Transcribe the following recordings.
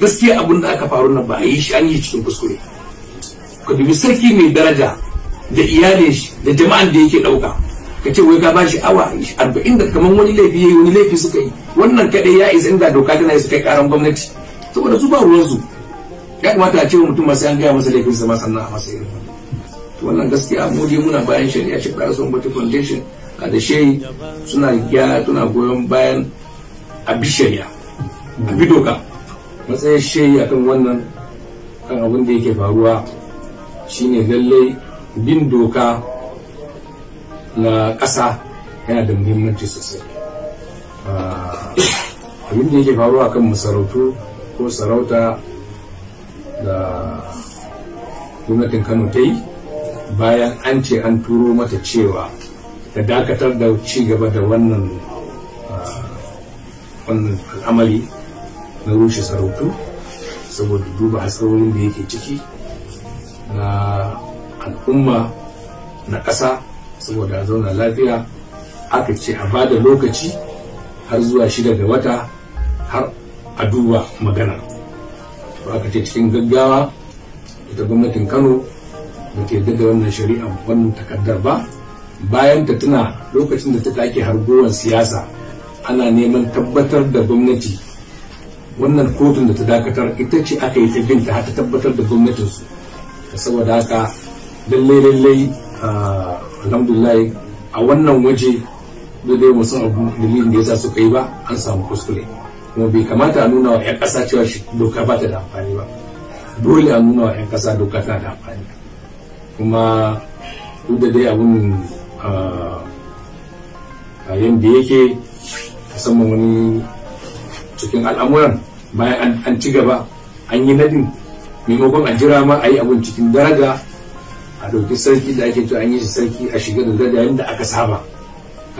gaskiya abin da aka faru nan ba a yi shi an yi cikin kuskure ka dubi sarki mai daraja da iyalin shi da jama'an da yake dauka ka ce wai ka shi awa arba'in da kamar wani laifi yayi wani laifi suka yi wannan kaɗai ya isa inda doka tana yi su kai karan gwamnati saboda su ba ruwansu ya kamata a ce mutum masu yan gaya masa laifin sa ma sannan a masa irin to wannan gaskiya mu je muna bayan shari'a shi ƙara son bata foundation a da shehi suna gyara tuna goyon bayan a bi shari'a a bi doka matsayin shehi kan wannan kan abin da yake faruwa shine lallai bin doka na ƙasa yana da muhimmanci sosai ah, abin da yake faruwa kan masarautu ko sarauta da gwamnatin kano ta yi bayan an ce an turo mata cewa ta dakatar da ci gaba da wannan ah, al'amari na rushe sarautu saboda duba hasarorin da yake ciki na al'umma na ƙasa saboda a zauna lafiya aka ce a ba da lokaci har zuwa shida ga wata har a duba magana ba aka ce cikin gaggawa ita gwamnatin kano da ke daga wannan shari'a wannan takaddar ba bayan ta tuna lokacin da ta take hargowar siyasa ana neman tabbatar da gwamnati wannan kotun da ta dakatar ita ce aka yi ta binta har ta tabbatar da gwamnatinsu saboda haka lalle lallai alhamdulillah a wannan waje da dai wasu abu dalilin da yasa suka yi ba an samu kuskure kuma bai kamata a nuna wa 'yan kasa cewa doka ba ta da amfani ba dole a nuna wa 'yan kasa doka ta da amfani kuma duk da dai abun a yadda yake musamman wani cikin al'amuran bayan an ci gaba an yi nadin maimakon a jira ma a yi abin cikin daraja a ɗauki sarki da ake to an yi shi sarki a shiga da daraja yadda aka saba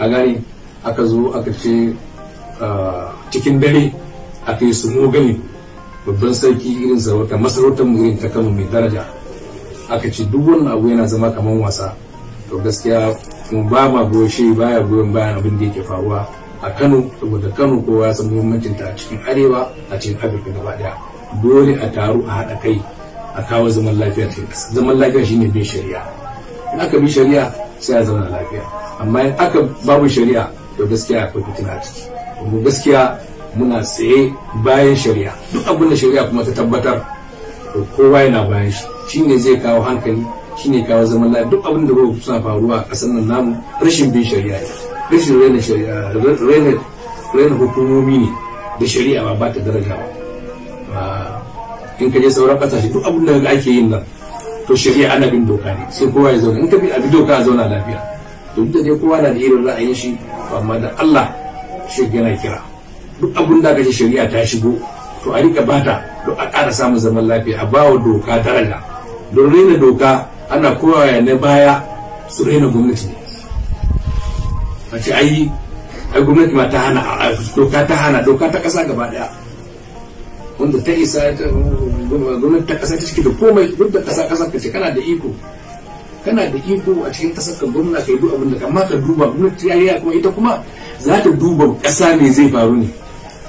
a gane aka zo aka ce cikin dare aka yi su mogani babban sarki irin sarauta masarautar mu irin ta kama mai daraja aka ce duk wannan abu yana zama kamar wasa to gaskiya mu ba ma goshe baya goyon bayan abin da yake faruwa a kano saboda kano kowa ya san muhimmancin ta a cikin arewa a cikin afirka gaba daya dole a taru a haɗa kai a kawo zaman lafiya cikin ƙasa zaman lafiya shine bin shari'a in aka bi shari'a sai a zauna lafiya amma in aka babu shari'a to gaskiya akwai fitina a ciki kuma gaskiya muna tsaye bayan shari'a duk abin da shari'a kuma ta tabbatar to kowa yana bayan shi shine zai kawo hankali shine kawo zaman lafiya duk abin da suna faruwa a ƙasar nan namu rashin bin shari'a ne rashin raina shari'a raina hukumomi ne da shari'a ba ba ta daraja ba in ka je sauran kasashe duk abin da ake yin nan to shari'a ana bin doka ne sai kowa ya zauna in ka bi a bi doka a zauna lafiya to duk da dai kowa na da irin ra'ayin shi amma da Allah shi yana kira duk abin da kace shari'a ta shigo to a rika bata to a ƙara samun zaman lafiya a bawa doka daraja don raina doka ana kowa ya ne baya su raina gwamnati ne a ce ai ai gwamnati ma ta hana doka ta hana doka ta kasa gaba daya wanda ta isa gwamnati ta kasa ta cike da komai duk da kasa kasa kace kana da iko kana da iko a cikin kasar ka gwamna ka yi duk abinda amma ka duba gwamnati tarayya kuma ita kuma za ta duba kasa ne zai faru ne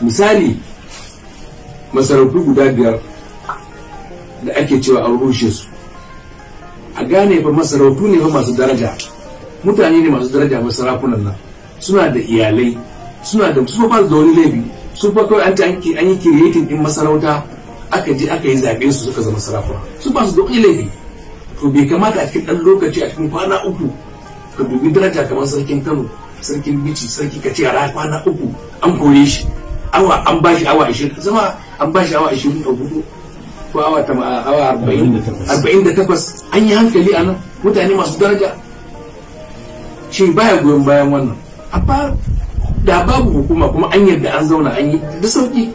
misali masarautu guda biyar da ake cewa an rushe su a gane ba masarautu ne ba masu daraja mutane ne masu daraja masu sarakunan nan suna da iyalai suna da su ba da wani laifi su ba kawai an an yi kiriyatin din masarauta aka je aka yi zaɓe su suka zama sarakuna su ba su da wani laifi to bai kamata a cikin ɗan lokaci a cikin kwana uku ka dubi daraja kamar sarkin Kano sarkin bici sarki ka ce a kwana uku an kore shi awa an ba shi awa 20 zama an ba shi awa 20 a gudu ko awa 48 an yi hankali a nan mutane masu daraja shi baya goyon bayan wannan amma da babu hukuma kuma an yadda an zauna an yi da sauki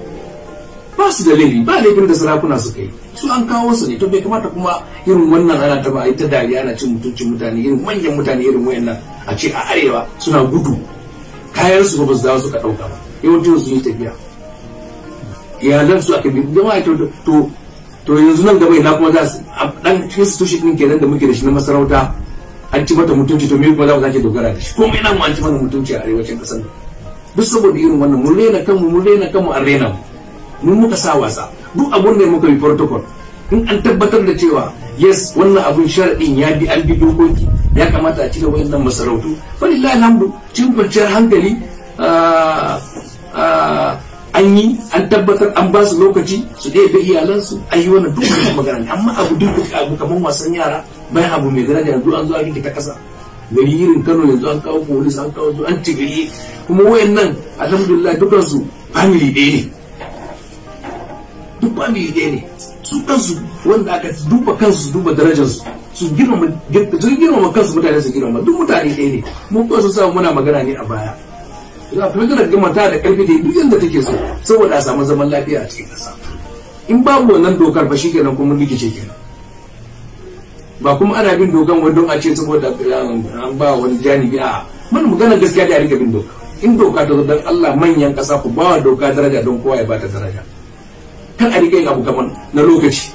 ba su da laifi ba laifin da sarakuna suka yi su an kawo su ne to bai kamata kuma irin wannan ana ta ba a yi ta dariya ana cin mutuncin mutane irin manyan mutane irin wayannan a ce a arewa suna gudu kayan su ba su dawo suka dauka ba yawancin su yi tafiya iyalan su aka bi jama'a to to yanzu nan gaba ina kuma za su dan institution din kenan da muke da shi na masarauta an ci mata mutunci to me kuma za mu sake dogara da shi ko me mu an ci mata mutunci a arewacin kasar nan duk saboda irin wannan mun rena kanmu mun rena kanmu an rena mu mun muka sa wasa duk abun ne muka yi protocol in an tabbatar da cewa yes wannan abun sharaɗin ya bi an bi dokoki ya kamata a cire wayannan masarautu falillahi alhamdu cikin kwanciyar hankali ah, ah, an yi an tabbatar an ba su lokaci su ɗebe iyalansu a yi wani duk magana amma abu duk abu kamar wasan yara bai abu mai daraja yanzu an zo a ta kasa gari irin kano yanzu an kawo polis an kawo an gari kuma wayannan alhamdulillah dukansu family ɗaya ne duk family ɗaya ne su kansu wanda aka duba kansu su duba darajarsu su girmama su girmama kansu mutane su girmama duk mutane ɗaya ne mu ko su samu muna magana ne a baya za ku fitar da ta da karfi da duk yanda take so saboda a samu zaman lafiya a cikin ƙasa in babu wannan dokar ba shi kenan kuma rikice kenan ba kuma ana bin dokan wani don a ce saboda an ba wani janibi a mun magana gaskiya da a rika bin doka in doka ta zaɓar Allah manyan kasa ku ba wa doka daraja don kowa ya ba ta daraja kan a rika yin abu kaman na lokaci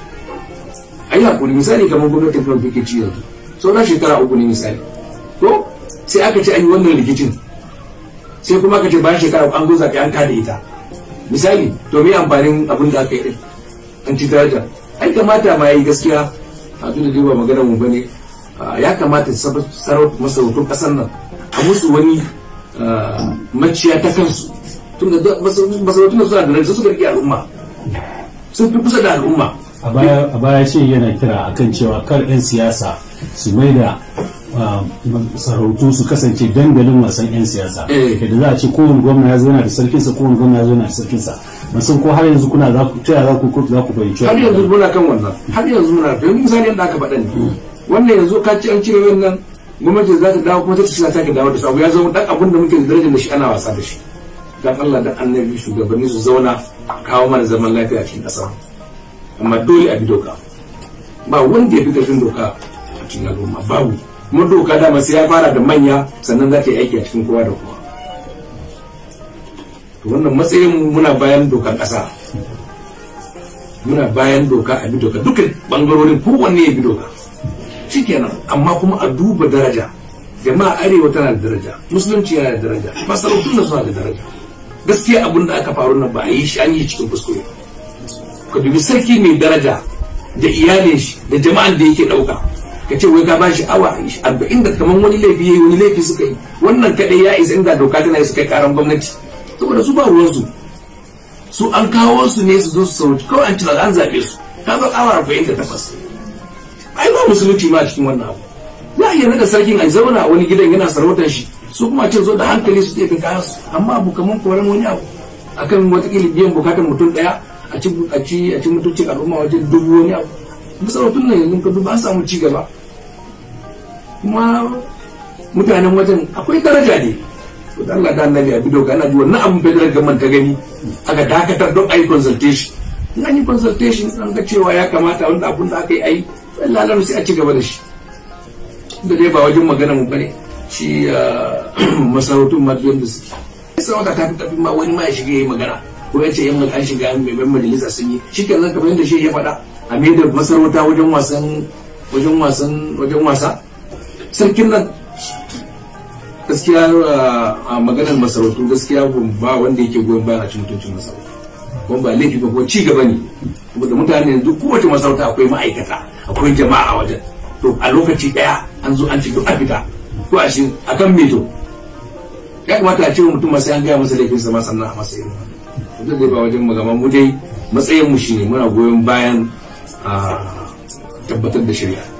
a yi hakuri misali kamar gwamnatin kan fike ci yanzu sauran shekara uku ne misali ko sai aka ce an yi wannan rikicin sai kuma aka ce bayan shekara an zo zaɓe an kada ita misali to me amfanin abin da aka yi an ci daraja ai kamata ma ya yi gaskiya a tun da ba magana mu bane ya kamata sarrafa masarautun kasar nan a musu wani maciya ta kansu tun da masarautun nan suna da rantsu suka rike al'umma sun fi kusa da al'umma a baya shi yana kira akan cewa kar 'yan siyasa su mai da sarautu su kasance dangalin wasan 'yan siyasa eh. da za a ce kowane gwamna ya zo yana da sarkinsa kowane gwamna ya zo yana da sarkinsa ba ko har yanzu kuna za ku tsaya za ku ko za ku bayyana har yanzu muna kan wannan har yanzu muna da misali yadda aka faɗa ne hmm. wannan yanzu ka ci an cire wannan gwamnati za ta dawo kuma ta ci ta ki dawo da sabu ya zama dan abin da muke da darajar da shi ana wasa da shi dan Allah dan annabi shugabanni su zauna kawo mana zaman lafiya a cikin ƙasa amma dole a bi doka ba wanda ya bi ƙarfin doka a cikin al'umma babu kuma doka dama sai ya fara da manya sannan za ta yi aiki a cikin kowa da kowa to wannan matsayin muna bayan dokar ƙasa muna bayan doka a bi doka dukkan bangarorin kowanne ya bi doka shikenan amma kuma a duba daraja jama'a arewa tana da daraja musulunci yana da daraja masarautun na suna da daraja gaskiya abin da aka faru nan ba a yi shi an yi cikin kuskure ka dubi sarki mai daraja da iyalin shi da jama'an da yake dauka ka ce wai ka ba shi awa arba'in da kamar wani laifi yayi wani laifi suka yi wannan kadai ya isa inda doka tana yi suka yi karan gwamnati saboda su ba ruwansu su an kawo su ne su zo su sauci kawai an tilar an zaɓe su ka zo awa arba'in da takwas ai ba musulunci ma a cikin wannan abu za a iya naɗa sarkin a zauna a wani gidan yana sarautar shi su kuma ce zo da hankali su tafi kayan su amma abu kamar koren wani abu akan watakila biyan bukatar mutum ɗaya a ci a ci a ci mutuncin al'umma wajen dubu wani abu masarautun nan yanzu ka duba an samu ci gaba kuma mutanen wajen akwai daraja ne to da Allah da annabi abi doka ana ji wannan abin federal man ta gani aka dakatar don ayi consultation in an yi consultation an ga cewa ya kamata wanda abin da aka yi ayi lalar sai a ci gaba da shi da dai ba wajen magana mu bane shi ah, masarautun madiyon da suke sai wata ta tafi ma wani ma ya shiga yayi magana ko ya ce yan an shiga mai ban majalisa sun yi shi kenan kamar yadda shi ya faɗa a mai da masarauta wajen wasan wajen wasan wajen wasa sarkin nan gaskiya a maganar masarautu gaskiya ba wanda yake goyon bayan a cikin mutuncin masarautu kuma ba laifi ba ko ci gaba ne saboda mutane yanzu kowace masarauta akwai ma'aikata akwai jama'a a wajen to a lokaci daya an zo an ci duk a ko a shi a kan mito ya kamata a ce mutum masu an gaya masa laifinsa ma sannan a masa irin wannan da ba wajen magama mu dai matsayin mu shine muna goyon bayan tabbatar da shari'a